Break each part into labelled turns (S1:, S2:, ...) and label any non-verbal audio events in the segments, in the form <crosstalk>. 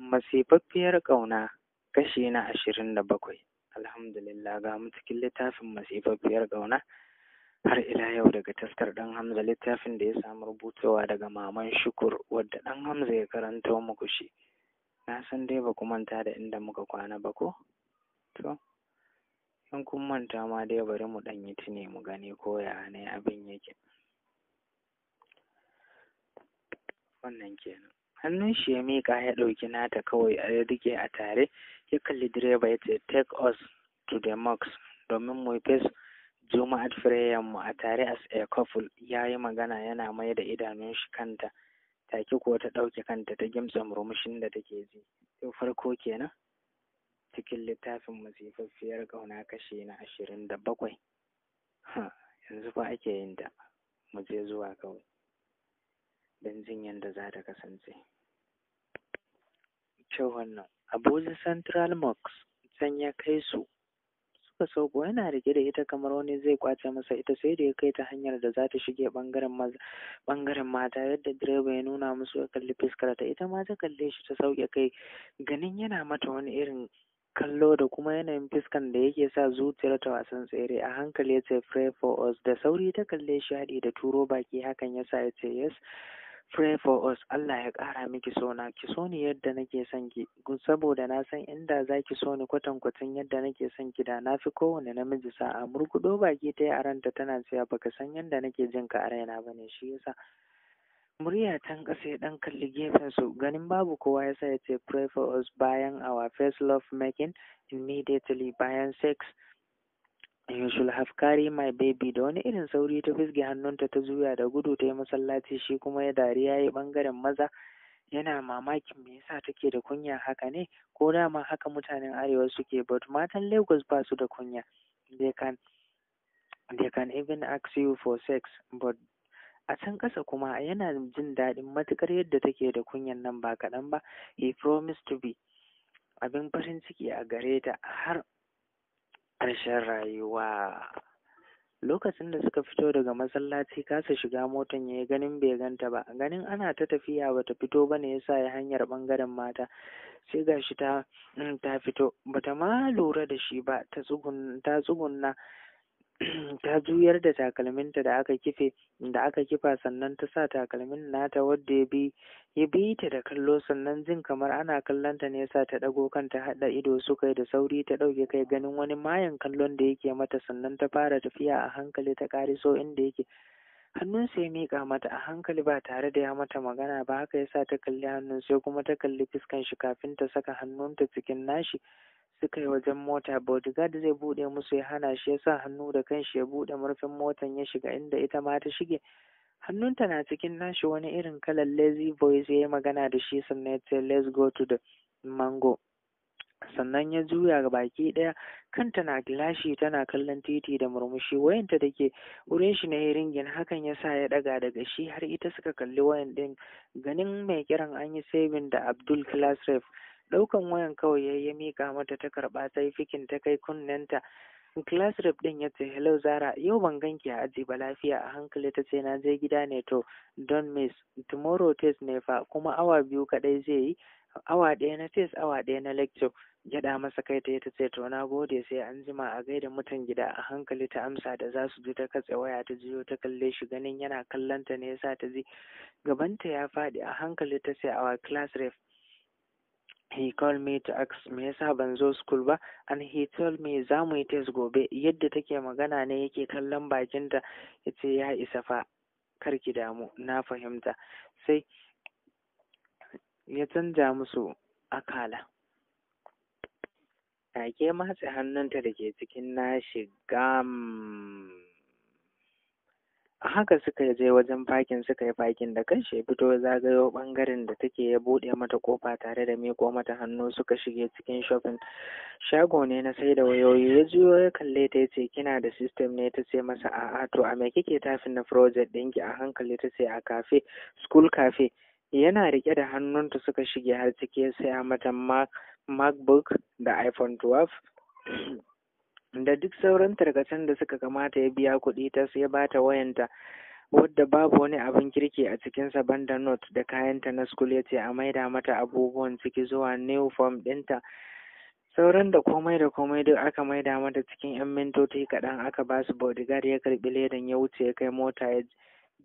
S1: masifaffiyar ƙauna kashi na ashirin da bakwai alhamdulillah ga mu cikin littafin masifaffiyar ƙauna har ila yau daga taskar ɗan hamza littafin da ya samu rubutowa daga maman shukur wadda ɗan hamza ya karanto muku shi na san dai ba ku manta da inda muka kwana ba ko to in kun manta ma dai bari mu ɗan yi tuni mu gani ko ya ne abin yake wannan kenan hannun shi ya miƙa ya ɗauki nata kawai a rike a tare ya kalli direba ya ce take us to the mosque domin mu fes juma'at prayer mu a tare as a couple ya yi magana yana mai da idanun shi kanta take ko ta ɗauke kanta ta gimtsa murmushin da take ji yau farko kenan cikin littafin masifaffiyar ƙauna kashe na ashirin da bakwai yanzu fa ake yin da mu je zuwa kawai don jin yadda za ta kasance. Kyau wannan, Abuja Central Mosque can ya kai su suka sauko yana rike da ita kamar wani zai kwace masa ita sai da ya kai ta hanyar da za ta shige ɓangaren mata yadda direba ya nuna musu ya kalli fuskar ta ita ma ta kalle shi ta sauke kai ganin yana mata wani irin kallo da kuma yanayin fuskan da yake sa zuciyar ta wasan tsere a hankali ya ce pray for us da sauri ta kalle shi haɗi da turo baki hakan ya sa ya ce yes pray for us Allah ya ƙara miki sona ki so ni yadda nake son ki saboda na san inda zaki ki so ni kwatan kwatan yadda nake son ki da na fi kowane namiji sa'a murkudo baki ta yi a ranta tana cewa baka san yadda nake jin ka a raina ba ne shi yasa murya tan ƙasa ya ɗan kalli gefen su ganin babu kowa yasa ya ce pray for us bayan our first love making immediately bayan sex You should my baby da wani irin sauri ta fisge hannunta ta zuya, da gudu ta yi masallaci shi kuma ya dariya ya yi bangaren maza yana mamakin me yasa take da kunya haka ne ko dama haka mutanen arewa suke but matan Lagos ba su da kunya they can they can even ask you for sex but a can ƙasa kuma yana jin daɗin matuƙar yadda take da kunyan nan ba kaɗan ba he promised to be abin farin ciki a gare ta har Karshen rayuwa lokacin da suka fito daga masallaci kasa shiga motan ya ganin bai ganta ba ganin ana ta tafiya bata fito ba ne ya sa ya hanyar bangaren mata sai gashi ta mm, ta fito bata ma lura da shi ba ta tsugunna <clears throat> ta juyar da takalminta da aka kife da aka kifa sannan ta sa takalmin nata wadda ya bi ya bi ta da kallo sannan jin kamar ana kallon ta ne sa ta dago kanta hada ido su yi da sauri ta dauke kai ganin wani mayan kallon da yake mata sannan ta fara tafiya a hankali ta kariso inda yake hannunsa ya miƙa mata a hankali ba tare da ya mata magana ba haka ya sa ta kalli hannun sai kuma ta kalli fuskan shi kafin ta saka hannun ta cikin nashi suka yi wajen mota bodyguard zai buɗe musu ya hana shi ya sa hannu da kanshi ya buɗe murfin motan ya shiga inda ita ma ta shige hannun ta na cikin nashi wani irin kalan lazy boys ya yi magana da shi sannan ya ce let's go to the mango sannan ya juya ga baki ɗaya kanta na gilashi tana kallon titi da murmushi wayanta da ke wurin shi na ringin hakan ya sa ya ɗaga daga shi har ita suka kalli wayan ɗin ganin mai kiran an yi saving da abdul class ref ɗaukan wayan kawai ya mika mata ta karba sai fikin ta kai kunnenta class rep ɗin ya ce hello zara yau ban ganki a aji ba lafiya a hankali ta ce na je gida ne to don miss tomorrow test ne fa kuma awa biyu kaɗai zai yi awa ɗaya na tes awa ɗaya na lecture gyaɗa masa kai ta ta ce to na gode sai an jima a gaida mutan gida a hankali ta amsa da za su ji ta katse waya ta jiyo ta kalle shi ganin yana kallonta ne yasa ta ji gabanta ya faɗi a hankali ta ce awa class ref he called me to ask me yasa ban zo school ba and he told me za mu yi test gobe yadda take magana ne yake kallon bakinta ya ce ya isa fa kar ki damu na fahimta sai ya canja musu akala take matse hannunta da ke cikin nashi gam a haka suka je wajen fakin suka yi fakin da kan fito zagayo bangaren da take ya buɗe mata kofa tare da miko mata hannu suka shige cikin shopping shago ne na sai da wayoyi ya juyo ya kalle ta yace kina da system ne ta ce masa a'a to a me kike tafin na project ɗinki a hankali ta ce a cafe school cafe yana rike da hannunta suka shige har ciki ya saya mata macbook da iphone 12 <clears throat> da duk sauran tarkacen da suka kamata ya biya kuɗi ta sai ba ta wayanta wadda babu wani abin kirki a cikinsa banda note da kayanta na school ya ce a maida mata abubuwan ciki zuwa new form ɗinta sauran da komai da komai duk aka maida mata cikin 'yan mintoci kaɗan aka basu su bodyguard ya karɓi ledan ya wuce ya kai mota ya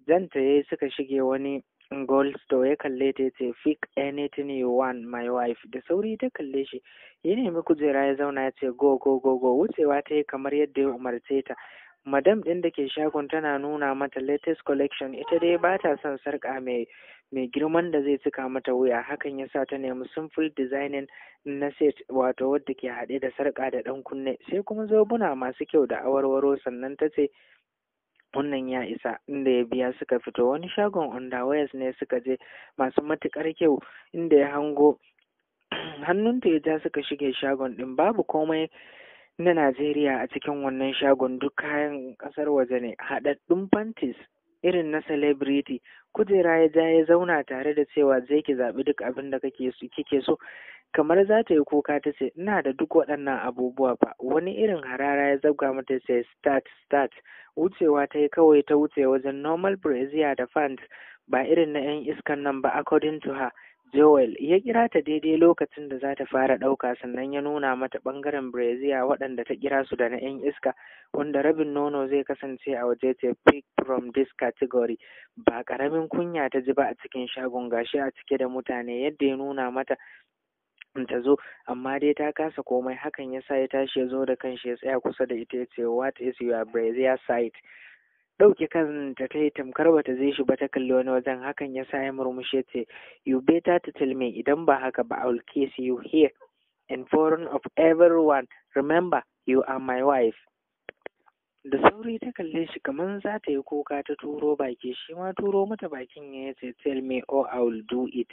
S1: janta ya suka shige wani Goldstone ya kalle ta ce pick anything you want my wife da sauri ta kalle shi ya nemi kujera ya zauna ya ce go go go go wucewa ta yi kamar yadda ya umarce ta madam ɗin da ke shagon tana nuna mata latest collection ita dai ba ta son sarƙa mai girman da zai cika mata wuya hakan ya sa ta nemi simple designing na set wato wadda ke haɗe da sarƙa da ɗan kunne sai kuma zobuna masu kyau da awarwaro sannan ta ce wannan ya isa inda ya biya suka fito wani shagon wayas ne suka je masu matukar kyau inda ya hango <clears throat> hannunta ya ja suka shige shagon din babu komai na Najeriya a cikin wannan shagon duk kayan kasar waje ne haɗaɗɗun panties irin na celebrity kujera ya ja ya zauna tare da cewa zai ki zaɓi duk abin da kake so kamar za ta yi kuka ta ce ina da duk waɗannan abubuwa ba wani irin harara ya zabga mata sai start start wucewa ta yi kawai ta wuce wajen normal brazier da fans ba irin na 'yan iskan nan ba according to her Joel ya kira ta daidai lokacin da za ta fara ɗauka sannan ya nuna mata ɓangaren Brazier waɗanda ta kira su da na 'yan iska wanda rabin nono zai kasance a waje ta pick from this category ba ƙaramin kunya ta ji ba a cikin shagon gashi a cike da mutane yadda ya nuna mata ta zo amma dai ta kasa komai hakan ya sa ya tashi ya zo da kanshi ya tsaya kusa da ita ya ce what is your brazier site ɗauke kanta ta yi tamkar bata zai shi ba ta kalli wani wajen hakan ya sa ya murmushe ce you better to tell me idan ba haka ba I will kiss you here in front of everyone remember you are my wife da sauri ta kalle shi kamar za ta yi kuka ta turo baki shi ma turo mata bakin ya ce tell me or oh, I will do it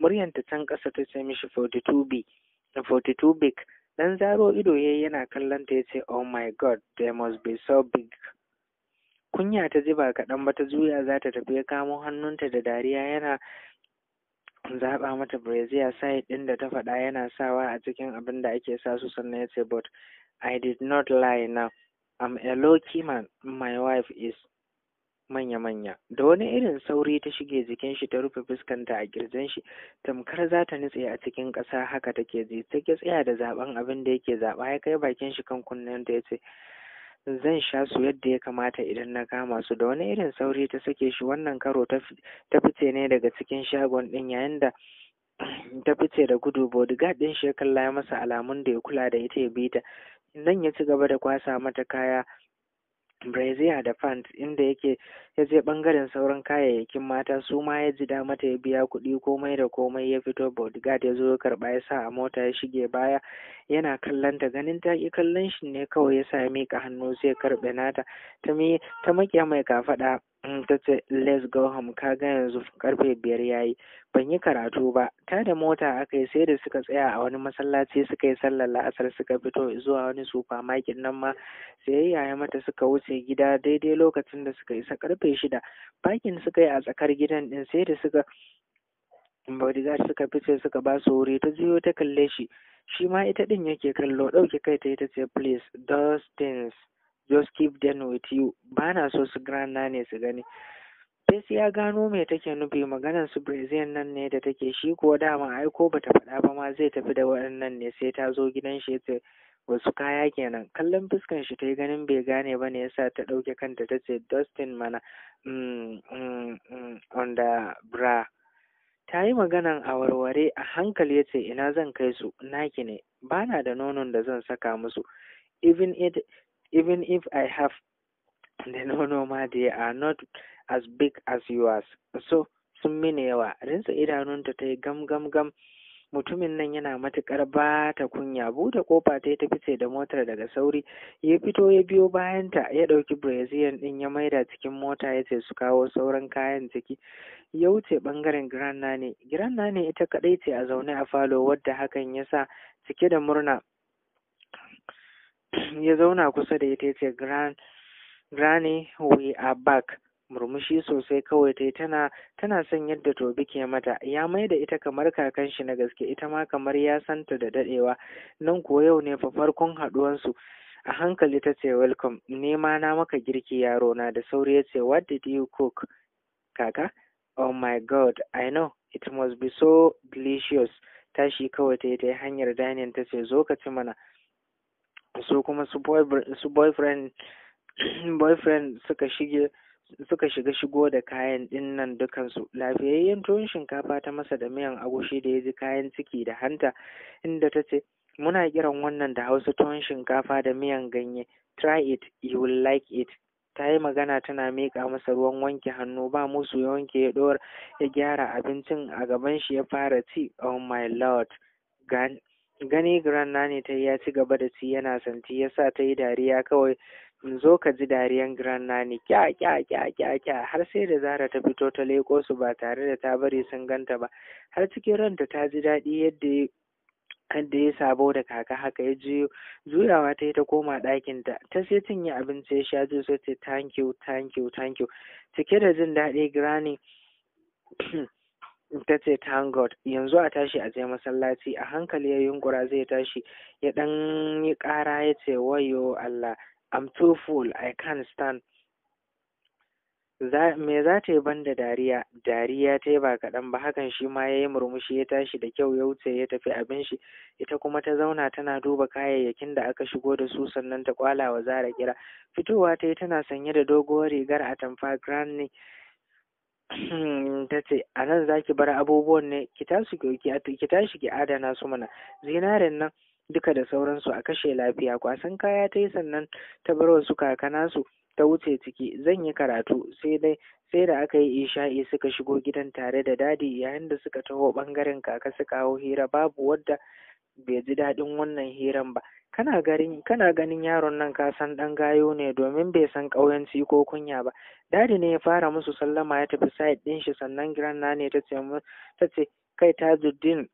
S1: ta can ƙasa ta ce mishi 42b 42 dan zaro ido yayi yana kallon ta yace oh my god they must be so big kunya ta ji ba kaɗan ba ta juya za ta tafi ya kamo hannunta da dariya yana zaɓa mata brazier side ɗin da ta faɗa yana sawa a cikin abin da ake sa su sannan ya ce but i did not lie now i'm a lucky man my wife is manya-manya da wani irin sauri ta shige jikin shi ta rufe fuskanta a kirjin shi tamkar za ta nutse a cikin ƙasa haka take ji ta ki tsaya da zaben abin da yake zaba ya kai bakin shi kan kunnen ta yace zan sha su yadda ya kamata idan na kama su da wani irin sauri ta sake shi wannan karo ta fice ne daga cikin shagon din yayin da ta fice da gudu bodyguard din shi ya kalla masa alamun da ya kula da ita ya bi ta nan ya ci gaba da kwasa mata kaya brazier da pant inda yake ya je bangaren sauran kayayyakin mata su ma ya ji damata ya biya kuɗi komai da komai ya fito bodyguard ya zo ya karɓa ya sa a mota ya shige baya yana kallon ta ganin ta ki kallon shi ne kawai ya sa ya miƙa hannu sai karɓe nata ta ta maƙe mai kafaɗa ta ce let's go home ka ga yanzu karfe biyar ya yi, ban yi karatu ba ta da mota aka yi sai da suka tsaya a wani masallaci suka yi sallar la'asar suka fito zuwa wani supermarket nan ma sai yaya mata suka wuce gida daidai lokacin da suka isa karfe shida bakin suka yi a tsakar gidan din sai da suka bodyguard suka fice suka ba su wuri ta jiyo ta kalle shi shi ma ita din yake kallo ɗauki kai ta yi ta ce please those things just keep them with you ba na so su ne su gani Fes ya gano me take nufi maganar su Brazil nan ne da take shi ko dama ai ko bata faɗa ba ma zai tafi da waɗannan ne sai ta zo gidan shi ta wasu kaya kenan kallon fuskan shi ta yi ganin bai gane ba ne yasa ta ɗauke kanta ta ce Dustin mana mm, mm, on mm, the bra ta yi maganan a warware a hankali ya ce ina zan kai su naki ne ba na da nonon da zan saka musu even it even if I have the no ma they are not as big as yours so sun mini yawa rinsa idanunta ta yi gam gam gam mutumin nan yana matuƙar ba ta kunya buɗe kofa ta yi ta fice da motar daga sauri ya fito ya biyo bayanta ya ɗauki brazilian ɗin ya maida cikin mota ya ce su kawo sauran kayan ciki ya wuce ɓangaren grand nane grand ne ita kaɗai ce a zaune a falo wadda hakan ya sa cike da murna ya zauna kusa da ita ya ce granny we are back murmushi sosai kawai ta tana tana son yadda tobi ke mata ya mai da ita kamar kakan shi na gaske ita ma kamar ya santa da dadewa nan ko yau ne fa farkon haduwansu a hankali ta ce welcome nema na maka girki yaro na da sauri ya ce what did you cook kaka oh my god i know it must be so delicious tashi kawai ta yi hanyar dining ta ce zo ka ci mana su kuma su boyfriend <clears throat> boyfriend suka shige suka shiga shigo da kayan din nan dukansu lafiyayyen tuwon shinkafa ta masa da miyan agushi da ya ji kayan ciki da hanta inda ta ce muna kiran wannan da hausa tuwon shinkafa da miyan ganye try it you will like it ta yi magana tana miƙa masa ruwan wanke hannu ba musu ya wanke ya dora ya gyara abincin a gaban shi ya fara ci oh my lord gani Grandma ne ta yi ya ci gaba da ci yana santi ya sa ta yi dariya kawai in zo ka ji dariyan Grandma ne kya kya kya kya kya har sai da Zara ta fito ta leko su ba tare da ta bari sun ganta ba har cikin ranta ta ji daɗi yadda da ya sabo da kaka haka ya ji juyawa ta yi ta koma ɗakinta ta sai yi abinci ya sha sai ta thank you thank you thank you cike da jin daɗi granny ta ce thank god yanzu a tashi a je masallaci a hankali ya yunkura zai tashi ya dan yi kara ya ce wayo allah i'm too full i can't stand me za ta yi banda dariya dariya ta yi ba kaɗan ba hakan shi ma ya yi murmushi ya tashi da kyau ya wuce ya tafi abin shi ita kuma ta zauna tana duba kayayyakin da aka shigo da su sannan ta kwala wa zara kira fitowa ta yi tana sanye da doguwar rigar atamfa granny Hmm, ta ce a nan za ki bar abubuwan ne ki tashi ki adana su mana zinarin nan duka da sauransu a kashe lafiya kwasan kaya ta yi sannan ta bar wasu kakana su ta wuce ciki zan yi karatu sai dai sai da aka yi isha'i suka shigo gidan tare da dadi yayin da suka taho bangaren kaka suka hau hira babu wadda bai ji daɗin wannan hiran ba kana garin ganin yaron nan ka san ɗan gayo ne domin bai san ƙauyanci ko kunya ba dadi ne ya fara musu sallama ya tafi side ɗin shi sannan giranna ne ta ce ta ce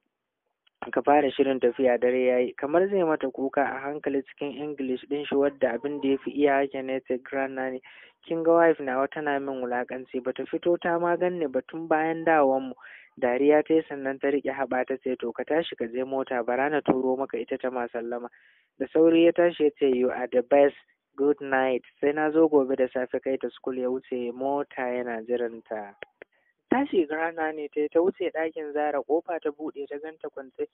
S1: ka fara shirin tafiya dare yayi kamar zai mata kuka a hankali cikin english ɗin shi wadda abin da ya fi iya yake ne ta grana ne kin ga wife nawa tana min wulakanci bata fito ta ma ba tun bayan dawon mu dariya ta yi sannan ta riƙe haɓa ta sai to ka tashi ka je mota bara na turo maka ita ta masallama da sauri ya tashi ya ce you are the best good night sai na zo gobe da safe kai ta school ya wuce mota yana jiran ta tashi rana ne ta ta wuce ɗakin zara ƙofa ta buɗe ta ganta kwance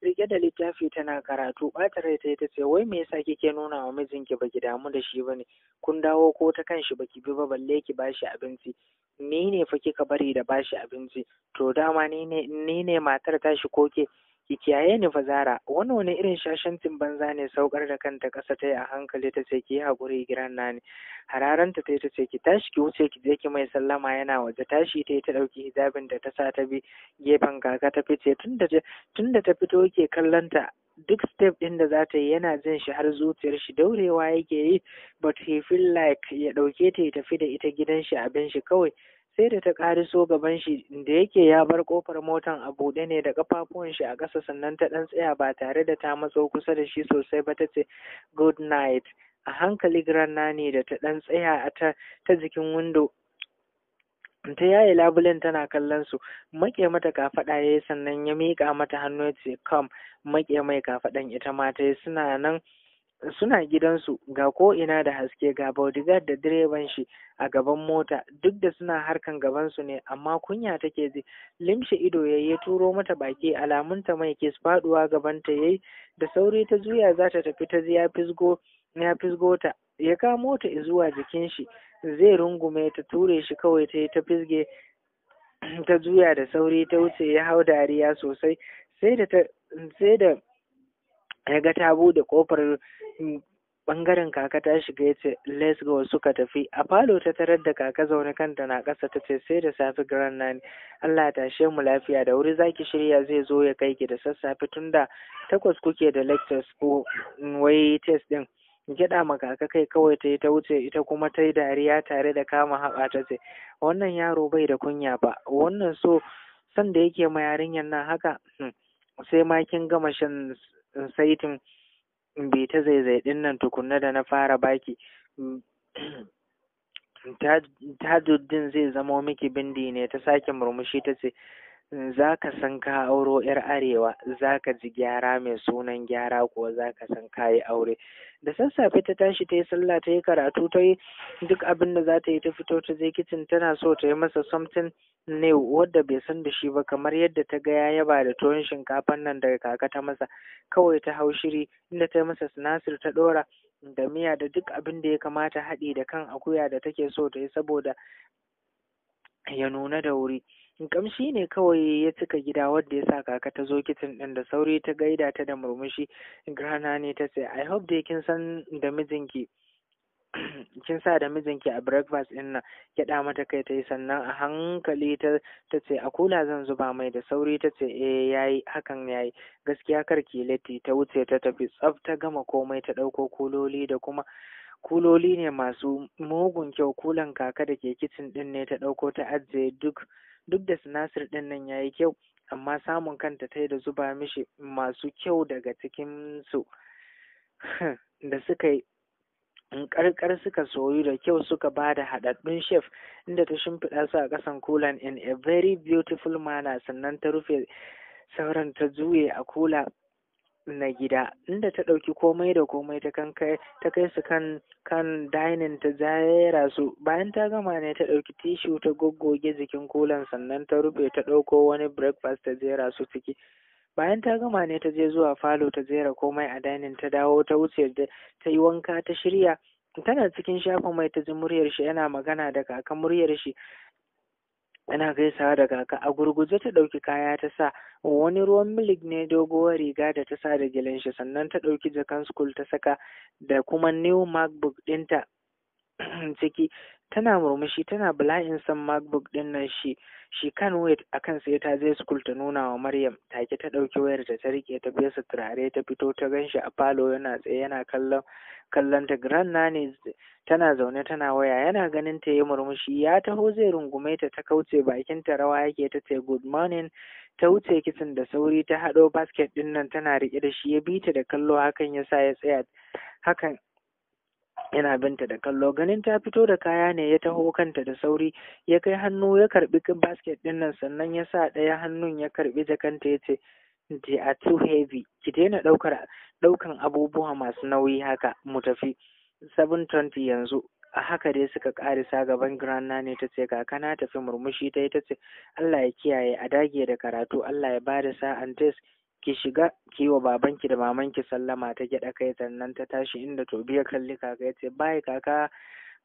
S1: rike da littafi tana karatu ɓata rai ta ce wai me yasa kike nuna wa mijinki baki damu da shi ba ne. kun dawo ko ta kanshi baki bi ba balle ki bashi abinci ni ne fa kika bari da bashi abinci to dama ni ni ne matar tashi ko ke ki kiyaye ni fa zara wani wani irin shashantin banza ne saukar da kanta ƙasa ta yi a hankali ta ce ki yi haƙuri giran na ne hararanta ta ta ce ki tashi ki wuce ki je ki mai sallama yana waje tashi ta yi ta ɗauki hijabin da ta sa ta bi gefen kaka ta fice tun da ta fito ke kallon ta duk step ɗin da za ta yi yana jin shi har zuciyar shi daurewa yake yi but he feel like ya ɗauke ta ya tafi da ita gidan shi abin shi kawai sai da ta so gaban shi da yake ya bar ƙofar motan a buɗe ne da ƙafafuwan shi a ƙasa sannan ta ɗan tsaya ba tare da ta matso kusa da shi sosai ba ta ce good night a hankali granna ne da ta ɗan tsaya a ta, ta jikin windo ta yaye labulen tana kallon su maƙe mata kafaɗa ya yi sannan ya miƙa mata hannu ya ce come maƙe mai kafaɗan ita ma ta yi suna nan suna gidansu ga ko ina da haske ga bodyguard da direban shi a gaban mota duk da suna harkan gabansu ne amma kunya take ji limshe ido ya ya turo mata baki alamunta mai kis faduwa gabanta yayi da sauri ta juya za ta tafi ta ya fisgo ya fisgo ta ya kamo ta zuwa jikin shi zai rungume ta ture shi kawai ta ta fisge ta juya da sauri ta wuce ya hau dariya sosai sai da ta sai da ya ga ta bude kofar bangaren mm, kaka ta shiga ya ce let's go suka tafi a falo ta tarar da kaka zaune kanta na ƙasa ta ce sai da safe grand nine Allah ya tashe mu lafiya da wuri zaki shirya zai zo ya kai ki da sassafe tunda takwas kuke da lectures ko mm, wai test din gyaɗa ma kaka kai kawai ta yi ta wuce ita kuma ta yi dariya tare da kama haɓa ta ce wannan yaro bai da kunya ba wannan so san da yake ma yarinyar nan haka hmm, sai ma kin gama shan saitin bai ta zaizai din nan tukunna da na fara baki <clears throat> tajuddin zai zama miki bindi ne ta sake murmushi ta ce za ka san ka auro 'yar arewa za ka ji gyara mai sunan gyara kuwa za ka san ka yi aure da sassafe ta tashi ta yi sallah ta yi karatu ta yi duk abin da za ta yi ta fito ta je kicin tana so ta yi masa something ne wadda bai san da shi ba kamar yadda ta gaya ya yaba da tuwon shinkafan nan daga kaka ta masa kawai ta hau shiri inda ta yi masa sinasir ta ɗora da miya da duk abin da ya kamata haɗi da kan akuya da take so ta yi saboda ya nuna da wuri kamshi ne kawai ya cika gida wadda ya sa kaka ta zo kitchen ɗin, da sauri ta gaida ta da murmushi grana ne ta ce i hope dai kin san da mijinki <clears throat> kin sa da mijinki a breakfast din nan ya mata kai ta yi sannan a hankali ta ce a kula zan zuba mai da sauri ta ce eh yayi hakan yayi gaskiya kar ki latti ta wuce ta tafi tsaf ta gama komai ta ɗauko kuloli da kuma kuloli ne masu mugun kyau kulan kaka da ke kicin ɗin ne ta ɗauko ta ajiye duk duk da sinasir ɗinnan nan ya yi kyau amma samun kanta ta yi da zuba mishi masu kyau daga cikinsu <laughs> da suka yi In karkar suka soyu da kyau suka ba da haɗaɗɗun shef inda ta shimfiɗa su a ƙasan kulan in a very beautiful manner sannan ta rufe sauran ta juye a kula na gida inda ta ɗauki komai da komai ta kan kai ta kai su kan kan dining ta zaira su bayan ta gama ne ta ɗauki tishu ta goggoge jikin kulan sannan ta rufe ta ɗauko wani breakfast ta jera su ciki bayan ta gama ne ta je zuwa falo ta jera komai a dainin, ta dawo ta wuce ta yi wanka ta shirya tana cikin shafa mai ta ji muryar shi yana magana da kakan muryar shi Ina gaisawa da kaka a gurguje ta ɗauki kaya ta sa wani ruwan milik ne doguwar riga da ta sa da gilin shi sannan ta ɗauki jakan school ta saka da kuma new macbook ɗinta <clears throat> ciki tana murmushi tana bala'in san macbook din nan shi shi kan wait akan sai ta je school ta nuna wa maryam take ta ɗauki wayar ta ta rike ta fesa turare ta fito ta ganshi a falo yana tsaye yana kallon kallon ta grand nani tana zaune tana waya yana ganin ta yi murmushi ya taho zai rungume ta ta kauce bakin ta rawa yake ta ce good morning ta wuce kitchen da sauri ta haɗo basket din nan tana rike da shi ya bi ta da kallo hakan ya sa ya tsaya hakan yana binta da kallo ganin ta fito da kaya ne ya taho kanta da sauri ya kai hannu ya karbi basket din nan sannan ya sa ɗaya hannun ya karbi jakanta ya ce they are too heavy ki daina ɗaukar ɗaukan abubuwa masu nauyi haka mu tafi 720 yanzu a haka dai suka karisa gaban grand ne ta ce kakana tafi murmushi ta yi ta ce Allah ya kiyaye a dage da karatu Allah ya bada sa'an test ki shiga ki wa babanki da mamanki sallama ta gyaɗa kai sannan ta tashi inda to biya kalli kaka ya ce Bai kaka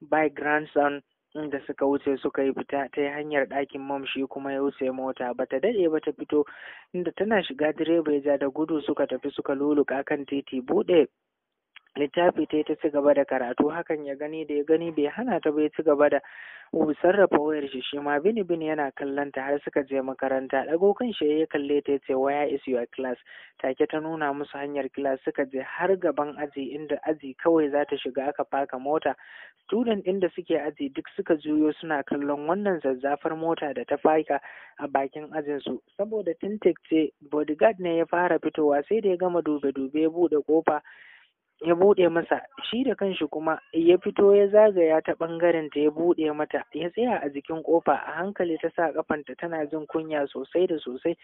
S1: bai grandson inda suka wuce suka yi fita ta yi hanyar ɗakin mom shi kuma ya wuce mota ba ta daɗe ba ta fito inda tana shiga direba ya ja da gudu suka tafi suka luluka kan titi buɗe littafi ta ta ci gaba da karatu hakan ya gani da ya gani bai hana ta bai ci gaba da sarrafa wayar shi shi ma bini bini yana kallon ta har suka je makaranta dago kan shi ya kalle ta ce waya is your class take ta nuna musu hanyar class suka je har gaban aji inda aji kawai za ta shiga aka faka mota student din da suke aji duk suka juyo suna kallon wannan zazzafar mota da ta faka a bakin ajin su saboda tintek ce bodyguard ne ya fara fitowa sai da ya gama dube dube buɗe bude kofa ya buɗe masa shi da kanshi kuma ya fito ya zagaya ta ɓangaren ta ya buɗe mata ya tsaya a jikin ƙofa a hankali ta sa ƙafanta tana jin kunya sosai da sosai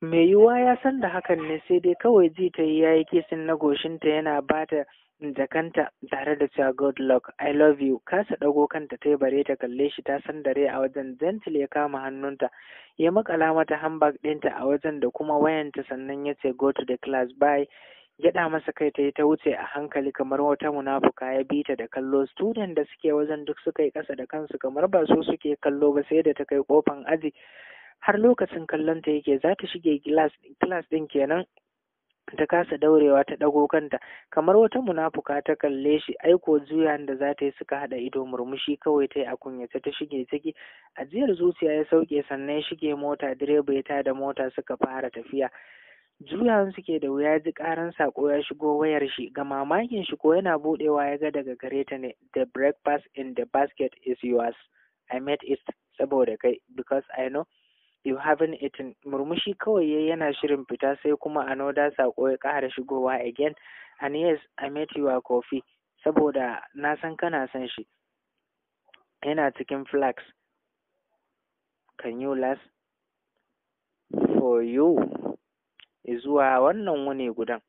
S1: mai yiwuwa ya san da hakan ne sai dai kawai ji ta yi yayi kesin na goshinta yana ba ta jakanta tare da cewa good luck i love you kasa ɗago kanta ta bare ta kalle shi ta san dare a wajen gentle ya kama hannunta ya makala mata handbag ɗinta a wajen da kuma wayanta sannan ya ce go to the class bye gyaɗa masa kai ta yi ta wuce a hankali kamar wata munafuka ya bi ta da kallo student da suke wajen duk suka yi ƙasa da kansu kamar ba su suke kallo ba sai da ta kai kofan aji har lokacin kallon ta yake za ta shige class ɗin kenan ta kasa daurewa ta ɗago kanta kamar wata munafuka ta kalle shi aiko juya da za ta yi suka haɗa ido murmushi kawai ta yi a kunyace ta shige ciki ajiyar zuciya ya sauke sannan shige mota direba ya tada mota suka fara tafiya juyawan suke da wuya ji karan sako ya shigo wayar shi ga mamakin shi ko yana budewa ya ga daga gare ta ne the breakfast in the basket is yours i made it saboda kai because i know you haven't eaten murmushi kawai yayi yana shirin fita sai kuma anoda sako ya kara shigowa again and yes i met you a coffee saboda na san kana san shi yana cikin flags can you last for you zuwa wannan wuni gudan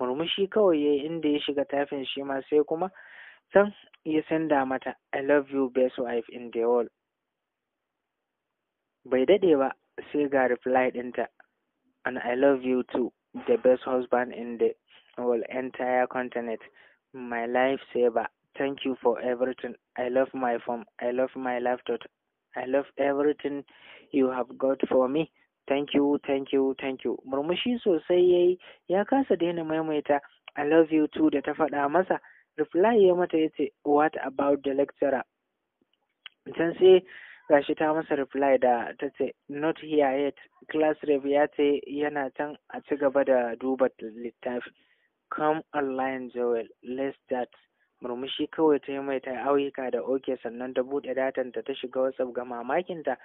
S1: murmushi kawai ya inda ya shiga tafin shi ma sai kuma can ya sanda mata i love you best wife in the world bai dade ba sai ga reply dinta and i love you too the best husband in the whole entire continent my life saver thank you for everything i love my form i love my laptop i love everything you have got for me thank you thank you thank you murmushi sosai yayi ya kasa daina maimaita i love you too da ta faɗa masa reply ya mata yace what about the lecturer can sai gashi ta masa reply da ta ce not here yet class rep ya ce yana can a ci gaba da duba littafi come online joel let's start murmushi kawai ta yi mai ta auyuka da oke sannan ta buɗe datan ta shiga whatsapp ga mamakin ta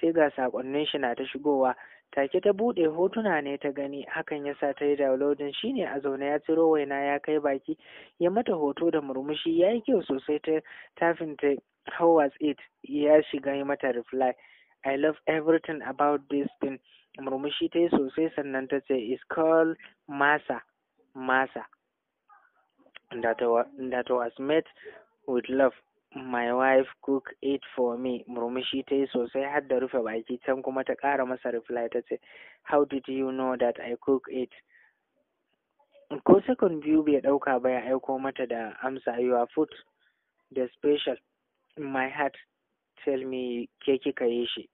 S1: sai ga sakonnin shi na ta shigowa take ta buɗe hotuna ne ta gani hakan ya sa ta yi downloadin ne a zaune ya ciro waina ya kai baki ya mata hoto da murmushi ya yi kyau sosai ta tafin ta how was it ya shiga yi mata reply i love everything about this thing murmushi ta yi sosai sannan ta ce is called masa masa that, was, that was met with love my wife cook it for me murmushi ta yi sosai har da rufe baki can kuma ta ƙara masa reply ta ce how did you know that I cook it ko second biyu bai ɗauka ba ya aiko mata da amsa your food the special my heart tell me ke kika yi shi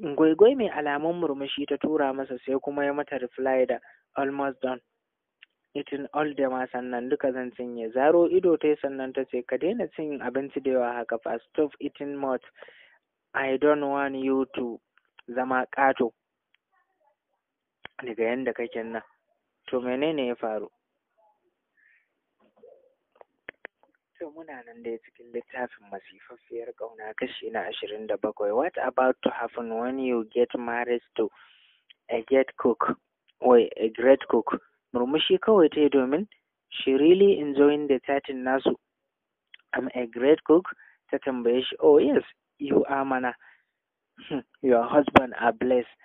S1: gwaigwai mai alamun murmushi ta tura masa sai kuma ya mata reply da almost done itin all da ma sannan duka zan cinye zaro ido ta sannan ta ce ka daina cin abinci da yawa haka fa stop eating much i don't want you to zama kato daga yanda kake nan to menene ya faru to muna nan dai cikin littafin masifaffiyar kauna kashi na ashirin da bakwai what about to happen when you get married to a get cook wai a great cook murmushi kawai ta yi domin she really enjoying the chatting nasu I'm a great cook ta tambaye shi oh yes you are mana hmm, your husband are blessed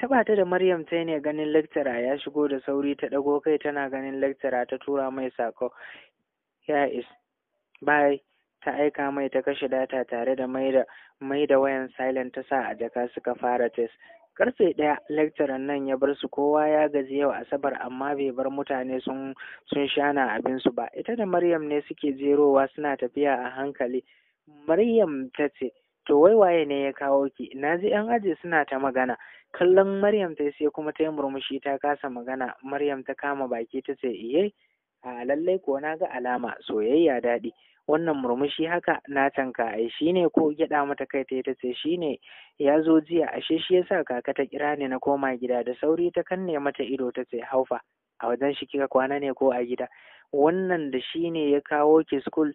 S1: taba ta da Maryam ta ne ganin lectura ya shigo da sauri ta ɗago kai tana ganin lectura ta tura mai sako ya is bye ta aika mai ta kashe data tare da mai da wayan silent ta sa a jaka suka fara test karfe ɗaya lektaran nan ya bar su kowa ya gaji yau asabar amma bai bar mutane sun sun shana abinsu ba ita da maryam ne suke jerowa suna tafiya a hankali maryam ta ce to wai waye ne ya kawo ki na ji yan aji suna ta magana kallon maryam ta sai kuma ta yi murmushi ta kasa magana maryam ta kama baki ta ce iye a lallai ko na ga alama soyayya daɗi wannan murmushi haka na tanka ai shine ko gyaɗa mata kai ta ta ce shine ya zo jiya ashe shi ya sa kaka ta kira ni na koma gida da sauri ta kanne mata ido ta ce haufa a wajen shi kika kwana ne ko a gida wannan da shine ya kawo ki school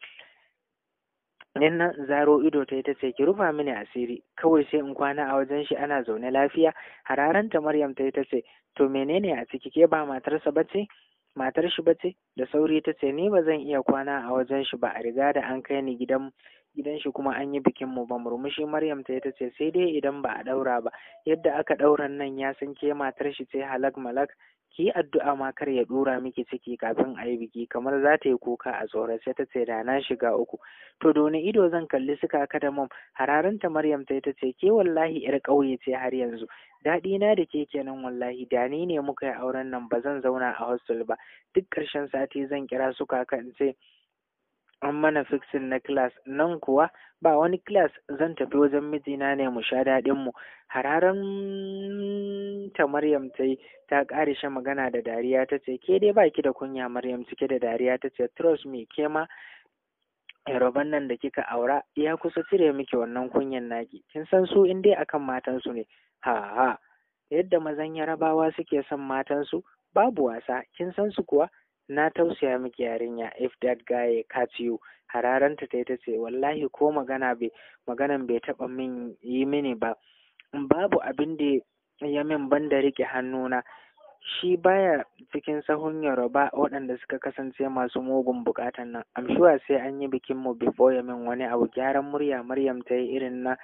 S1: in nan zaro ido ta yi ta ce ki rufa mini asiri kawai sai in kwana a wajen shi ana zaune lafiya hararanta maryam ta yi ta ce to menene a ciki ke ba matarsa ba ce matar shi ba ce, da sauri ta ce ni ba zan iya kwana a wajen shi ba a riga da an kai ni gidan gidan shi kuma an yi bikin mu ba murmushi Maryam ta ita ce sai dai idan ba a ɗaura ba yadda aka daura nan ya san ke matar shi ce halak malak ki addu'a ma kar ya ɗura miki ciki kafin a yi biki kamar za ta yi kuka a tsorace ta ce da na shiga uku to doni ido zan kalli suka kada mom hararinta Maryam ta ta ce ke wallahi yar ƙauye ce har yanzu daɗi na da ke kenan wallahi da ni ne muka yi auren nan ba zan zauna a hostel ba duk ƙarshen sati zan kira su kaka in ce an mana fixin na class nan kuwa ba wani class zan tafi wajen mijina ne mu sha daɗin mu hararen ta Maryam ta yi ta shan magana da dariya ta ce ke dai baki da kunya Maryam cike da dariya ta ce trust me ke ma yaroban eh, nan da kika aura ya kusa cire miki wannan kunyan naki kin san su in dai akan matansu ne ha ha yadda mazan yarabawa suke son su babu wasa kin san su kuwa na tausaya miki yarinya if that guy ya catch you hararanta ta ce wallahi ko magana bai maganan bai taba min yi mini ba babu abin da ya min banda rike hannuna shi baya cikin sahun Yoruba waɗanda suka kasance masu mugun buƙatan nan. Amshuwa sai an yi bikin mu before ya min wani abu gyaran murya Maryam ta yi irin na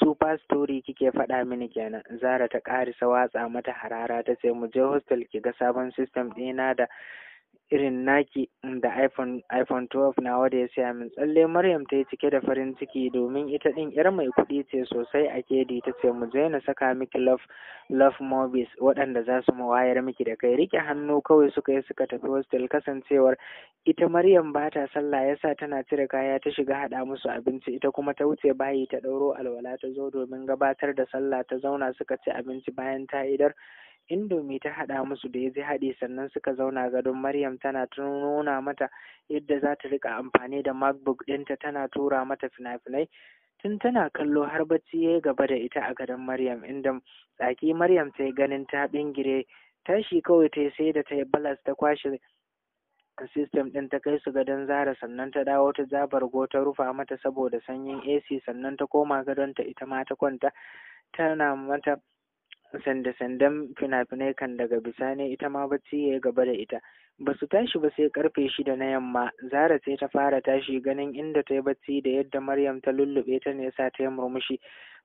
S1: super story kike faɗa mini kenan. Zara ta ƙarisa watsa mata harara ta ce mu je hostel ki ga sabon system ɗina da irin naki da iphone iphone 12 nawa da ya siya min tsalle maryam ta yi cike da farin ciki domin ita din yar mai kuɗi ce sosai a kedi ta ce mu na saka miki love love movies waɗanda za su mu miki da kai rike hannu kawai suka yi suka tafi hostel kasancewar ita maryam ba ta sallah yasa tana cire kaya ta shiga haɗa musu abinci ita kuma ta wuce bayi ta ɗauro alwala ta zo domin gabatar da sallah ta zauna suka ci abinci bayan ta idar indomi ta haɗa musu da ya ji haɗi sannan suka zauna gadon maryam tana nuna mata yadda za ta rika amfani da macbook ɗinta tana tura mata fina-finai tun tana kallo har bacci ya gaba da ita a gadon maryam inda tsaki maryam ta yi ganin ta bingire tashi kawai ta yi sai da ta yi balas ta kwashe sistem ɗin ta kai su gadon zara sannan ta dawo ta zabar go ta rufa mata saboda sanyin ac sannan ta koma gadon ta ita ma ta kwanta tana mata sanda-sandan fina-finai kan daga bisani ita ma bacci ya gaba da ita ba su tashi ba sai karfe shida na yamma zara sai ta fara tashi ganin inda ta yi bacci da yadda maryam ta lullube ta ne sa ta yi murmushi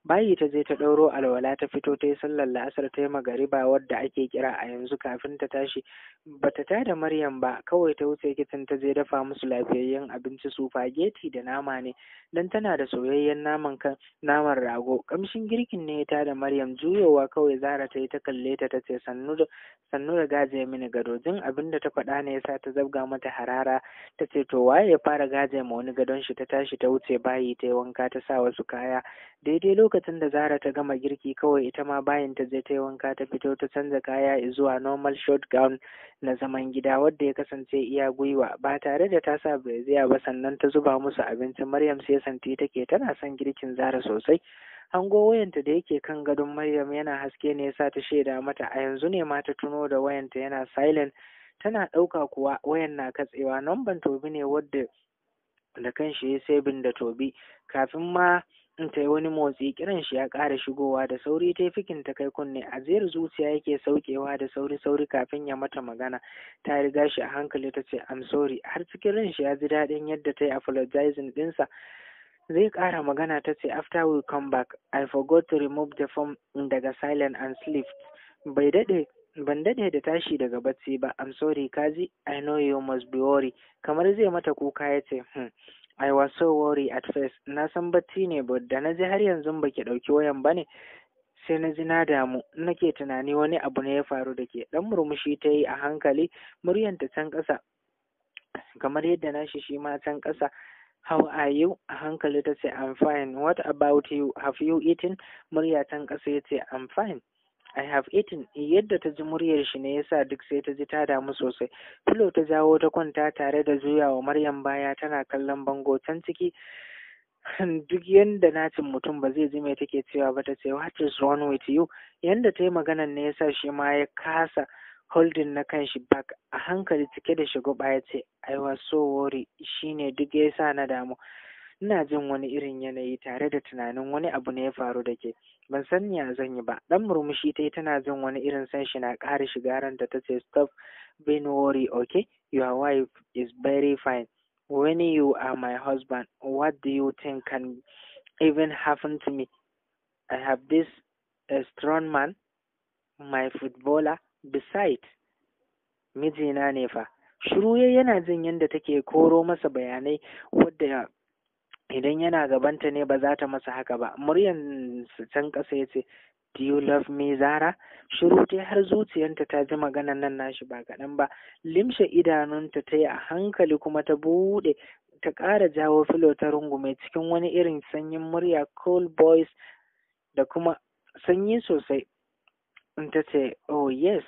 S1: bayi ta je ta ɗauro alwala ta fito ta yi sallar la'asar ta yi magariba wadda ake kira a yanzu kafin ta tashi bata ta da maryam ba kawai ta wuce kitin ta je dafa musu lafiyayyen abinci fageti da nama ne dan tana da soyayyen naman kan naman rago kamshin girkin ne ta da maryam juyowa kawai zara ta yi ta kalle ta ta ce sannu da gaje mini gado jin abin da ta faɗa ne yasa ta zabga mata harara ta ce to waye ya fara gaje ma wani gadon shi ta tashi ta wuce bayi ta yi wanka ta sa wasu kaya daidai lokacin lokacin da Zara ta gama girki kawai ita ma bayan ta je ta yi wanka ta fito ta canza kaya zuwa normal short gown na zaman gida wadda ya kasance iya gwiwa ba tare da ta sa breziya ba sannan ta zuba musu abinci Maryam sai santi take tana son girkin Zara sosai hango wayanta da yake kan gadon Maryam yana haske ne yasa ta shaida mata a yanzu ne ma ta tuno da wayanta yana silent tana ɗauka kuwa wayan na katsewa namban tobi ne wadda da kanshi ya bin da tobi kafin ma ta yi wani motsi kiran shi ya ƙara shigowa da sauri ta fikin ta kai kunne a ajiyar zuciya yake saukewa da sauri sauri kafin ya mata magana ta riga shi a hankali ta ce i'm sorry har cikin ran shi ya ji daɗin yadda ta yi apologizing ɗinsa zai ƙara magana ta ce after we come back i forgot to remove the phone daga silent and sleep bai daɗe ban dade da tashi daga bacci ba i'm sorry kaji i know you must be worried kamar zai mata kuka ya ce hmm. i was so worried at first na san bacci ne but da na ji har yanzu ba baki dauki wayan bane sai na ji na damu nake tunani wani abu ne ya faru da ke dan murmushi ta yi a hankali muryanta can kasa. kamar yadda na shi shi ma can kasa. How are you? A hankali ta ce, I'm fine. What about you? Have you eaten? Murya can kasa ya ce, I'm fine. I have eaten yadda ta ji muryar shi ne yasa duk sai ta ji ta damu sosai filo ta jawo ta kwanta tare da wa Maryam baya tana kallon bango can ciki <laughs> duk yadda nacin mutum ba zai ji mai take cewa ba ta ce what is wrong with you yanda ta yi maganan ne yasa shi ma ya kasa holding na kan shi back a hankali cike da ba ya ce I was so worried shine duk yasa na damu ina jin wani irin yanayi tare da tunanin wani abu ne ya faru da ke ban san ya zan yi ba dan murmushi ta yi tana jin wani irin san shi na ƙara shiga ranta ta ce stop being worry okay your wife is very fine when you are my husband what do you think can even happen to me i have this a strong man my footballer Beside, mijina ne fa shiru yana jin yadda take koro masa bayanai wadda idan yana gabanta ne ba za ta masa haka ba muryan can ƙasa ya ce do you love me zara shiru dai har zuciyarta ta ji maganan nan nashi ba kaɗan ba limshe idanunta ta yi a hankali kuma ta buɗe ta ƙara jawo filo ta rungume cikin wani irin sanyin murya cool boys da kuma sanyi sosai in ta ce oh yes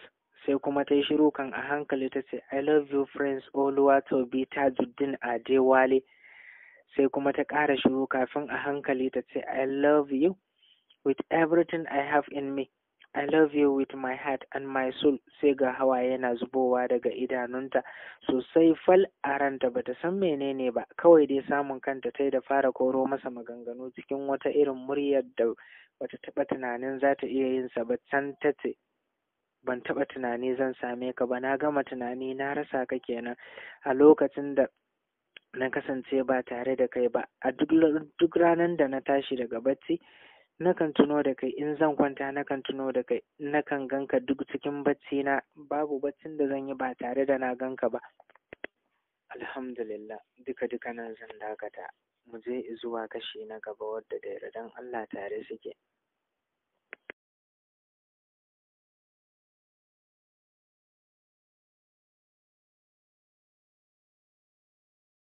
S1: sai kuma ta yi shiru kan a hankali ta ce i love you friends oluwa tobi tajuddin adewale sai kuma ta ƙara shiru kafin a hankali ta ce I love you with everything I have in me. I love you with my heart and my soul sai ga hawa yana zubowa daga idanunta sosai fal a ranta ba ta san menene ba kawai dai samun kanta ta da fara koro masa maganganu cikin wata irin muryar da bata taɓa tunanin za ta iya yin sa ba can ta ce ban taɓa tunani zan same ka ba na gama tunani na rasa ka kenan a lokacin da na kasance ba tare da kai ba a duk ranar da na tashi daga bacci nakan tuno da kai in zan kwanta nakan tuno da kai nakan ganka duk cikin bacci na babu baccin da zan yi ba tare da na ganka ba alhamdulillah duka duka nan zan dakata mu je zuwa kashi na gaba wadda da yarda Allah tare suke